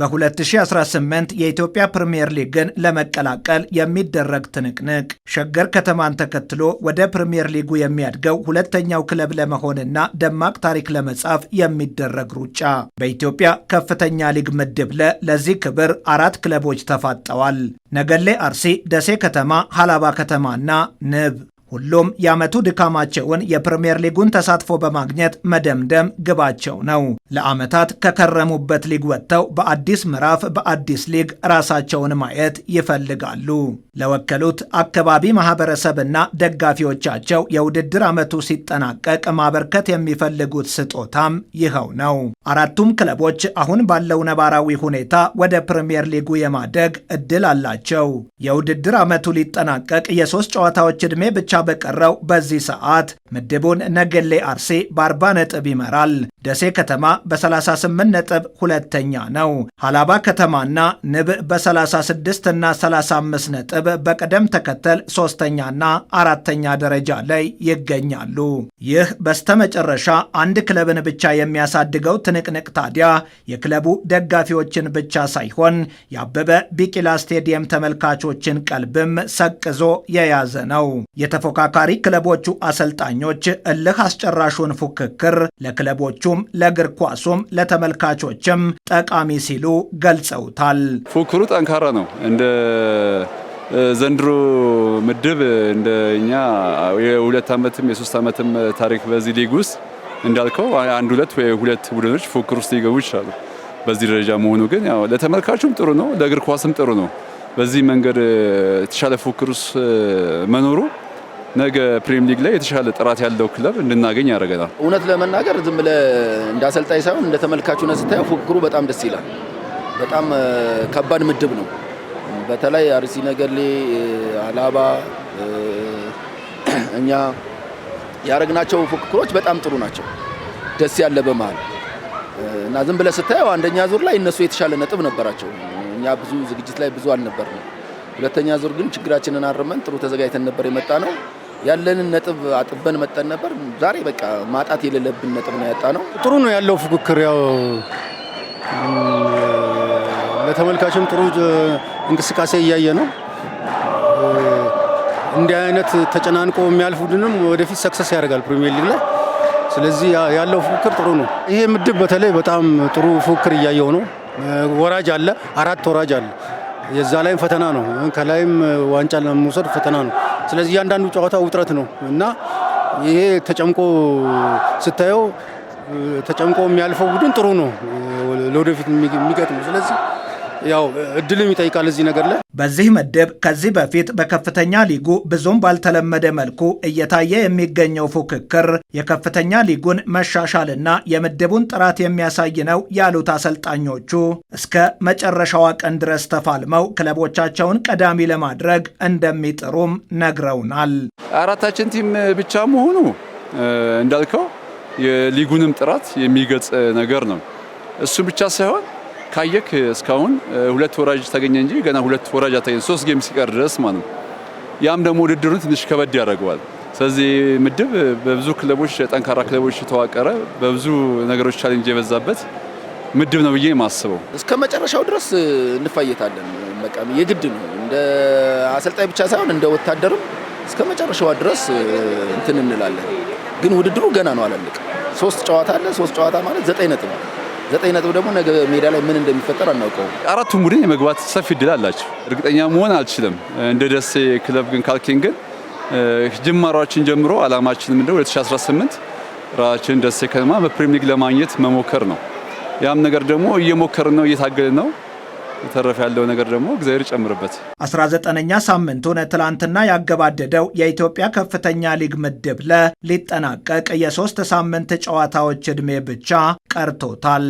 በ2018 የኢትዮጵያ ፕሪምየር ሊግን ለመቀላቀል የሚደረግ ትንቅንቅ ሸገር ከተማን ተከትሎ ወደ ፕሪምየር ሊጉ የሚያድገው ሁለተኛው ክለብ ለመሆንና ደማቅ ታሪክ ለመጻፍ የሚደረግ ሩጫ። በኢትዮጵያ ከፍተኛ ሊግ ምድብ ለ ለዚህ ክብር አራት ክለቦች ተፋጠዋል። ነገሌ አርሲ፣ ደሴ ከተማ፣ ሀላባ ከተማና ንብ ሁሉም የዓመቱ ድካማቸውን የፕሪምየር ሊጉን ተሳትፎ በማግኘት መደምደም ግባቸው ነው። ለዓመታት ከከረሙበት ሊግ ወጥተው በአዲስ ምዕራፍ በአዲስ ሊግ ራሳቸውን ማየት ይፈልጋሉ። ለወከሉት አካባቢ ማህበረሰብና ደጋፊዎቻቸው የውድድር ዓመቱ ሲጠናቀቅ ማበርከት የሚፈልጉት ስጦታም ይኸው ነው። አራቱም ክለቦች አሁን ባለው ነባራዊ ሁኔታ ወደ ፕሪምየር ሊጉ የማደግ እድል አላቸው። የውድድር ዓመቱ ሊጠናቀቅ የሶስት ጨዋታዎች ዕድሜ ብቻ በቀረው በዚህ ሰዓት ምድቡን ነገሌ አርሴ በአርባ ነጥብ ይመራል። ደሴ ከተማ በ38 ነጥብ ሁለተኛ ነው። ሀላባ ከተማና ንብ በ36 እና 35 ነጥብ በቅደም ተከተል ሶስተኛና አራተኛ ደረጃ ላይ ይገኛሉ። ይህ በስተመጨረሻ አንድ ክለብን ብቻ የሚያሳድገው ትንቅንቅ ታዲያ የክለቡ ደጋፊዎችን ብቻ ሳይሆን የአበበ ቢቂላ ስቴዲየም ተመልካቾችን ቀልብም ሰቅዞ የያዘ ነው። የተፎካካሪ ክለቦቹ አሰልጣኞች እልህ አስጨራሹን ፉክክር ለክለቦቹ ለክለቡም ለእግር ኳሱም ለተመልካቾችም ጠቃሚ ሲሉ ገልጸውታል። ፉክሩ ጠንካራ ነው። እንደ ዘንድሮ ምድብ እንደ እኛ የሁለት ዓመትም የሶስት ዓመትም ታሪክ በዚህ ሊግ ውስጥ እንዳልከው አንድ ሁለት ወይ ሁለት ቡድኖች ፉክር ውስጥ ሊገቡ ይችላሉ። በዚህ ደረጃ መሆኑ ግን ያው ለተመልካቹም ጥሩ ነው፣ ለእግር ኳስም ጥሩ ነው። በዚህ መንገድ የተሻለ ፉክር ውስጥ መኖሩ ነገ ፕሪሚየር ሊግ ላይ የተሻለ ጥራት ያለው ክለብ እንድናገኝ ያደርገናል። እውነት ለመናገር ዝም ብለህ እንደ አሰልጣኝ ሳይሆን እንደ ተመልካቹ ነው ስታየው ፉክክሩ በጣም ደስ ይላል። በጣም ከባድ ምድብ ነው። በተለይ አርሲ ነገሌ፣ አላባ እኛ ያደረግናቸው ፉክክሮች በጣም ጥሩ ናቸው። ደስ ያለ በመሃል እና ዝም ብለህ ስታየው አንደኛ ዙር ላይ እነሱ የተሻለ ነጥብ ነበራቸው። እኛ ብዙ ዝግጅት ላይ ብዙ አልነበርንም። ሁለተኛ ዙር ግን ችግራችንን አርመን ጥሩ ተዘጋጅተን ነበር የመጣ ነው። ያለንን ነጥብ አጥበን መጠን ነበር። ዛሬ በቃ ማጣት የሌለብን ነጥብ ነው ያጣ ነው። ጥሩ ነው ያለው ፉክክር፣ ያው ለተመልካችም ጥሩ እንቅስቃሴ እያየ ነው። እንዲህ አይነት ተጨናንቆ የሚያልፍ ቡድንም ወደፊት ሰክሰስ ያደርጋል ፕሪሚየር ሊግ ላይ። ስለዚህ ያለው ፉክክር ጥሩ ነው። ይሄ ምድብ በተለይ በጣም ጥሩ ፉክክር እያየው ነው። ወራጅ አለ፣ አራት ወራጅ አለ። የዛ ላይም ፈተና ነው። ከላይም ዋንጫ ለመውሰድ ፈተና ነው። ስለዚህ እያንዳንዱ ጨዋታ ውጥረት ነው እና ይሄ ተጨምቆ ስታየው ተጨምቆ የሚያልፈው ቡድን ጥሩ ነው ለወደፊት የሚገጥመው ስለዚህ ያው እድልም ይጠይቃል እዚህ ነገር ላይ። በዚህ ምድብ ከዚህ በፊት በከፍተኛ ሊጉ ብዙም ባልተለመደ መልኩ እየታየ የሚገኘው ፉክክር የከፍተኛ ሊጉን መሻሻልና የምድቡን ጥራት የሚያሳይ ነው ያሉት አሰልጣኞቹ እስከ መጨረሻዋ ቀን ድረስ ተፋልመው ክለቦቻቸውን ቀዳሚ ለማድረግ እንደሚጥሩም ነግረውናል። አራታችን ቲም ብቻ መሆኑ እንዳልከው የሊጉንም ጥራት የሚገልጽ ነገር ነው። እሱ ብቻ ሳይሆን ካየክ እስካሁን ሁለት ወራጅ ተገኘ እንጂ ገና ሁለት ወራጅ አልተገኘ፣ ሶስት ጌም ሲቀር ድረስ ማለት ነው። ያም ደግሞ ውድድሩን ትንሽ ከበድ ያደርገዋል። ስለዚህ ምድብ በብዙ ክለቦች ጠንካራ ክለቦች የተዋቀረ በብዙ ነገሮች ቻሌንጅ የበዛበት ምድብ ነው ብዬ የማስበው። እስከ መጨረሻው ድረስ እንፋየታለን። በቃ የግድ ነው። እንደ አሰልጣኝ ብቻ ሳይሆን እንደ ወታደርም እስከ መጨረሻዋ ድረስ እንትን እንላለን። ግን ውድድሩ ገና ነው አላለቅ። ሶስት ጨዋታ አለ። ሶስት ጨዋታ ማለት ዘጠኝ ነጥብ ዘጠኝ ነጥብ ደግሞ ነገ ሜዳ ላይ ምን እንደሚፈጠር አናውቀውም። አራቱም ቡድን የመግባት ሰፊ እድል አላቸው። እርግጠኛ መሆን አልችልም። እንደ ደሴ ክለብ ግን ካልኬን ግን ጅማሯችን ጀምሮ አላማችን ምንድነው 2018 ራችን ደሴ ከተማ በፕሪሚየር ሊግ ለማግኘት መሞከር ነው። ያም ነገር ደግሞ እየሞከርን ነው፣ እየታገልን ነው። ተረፍ ያለው ነገር ደግሞ እግዚአብሔር ይጨምርበት። 19ኛ ሳምንቱን ትላንትና ያገባደደው የኢትዮጵያ ከፍተኛ ሊግ ምድብ ለ ሊጠናቀቅ የሶስት ሳምንት ጨዋታዎች ዕድሜ ብቻ ቀርቶታል።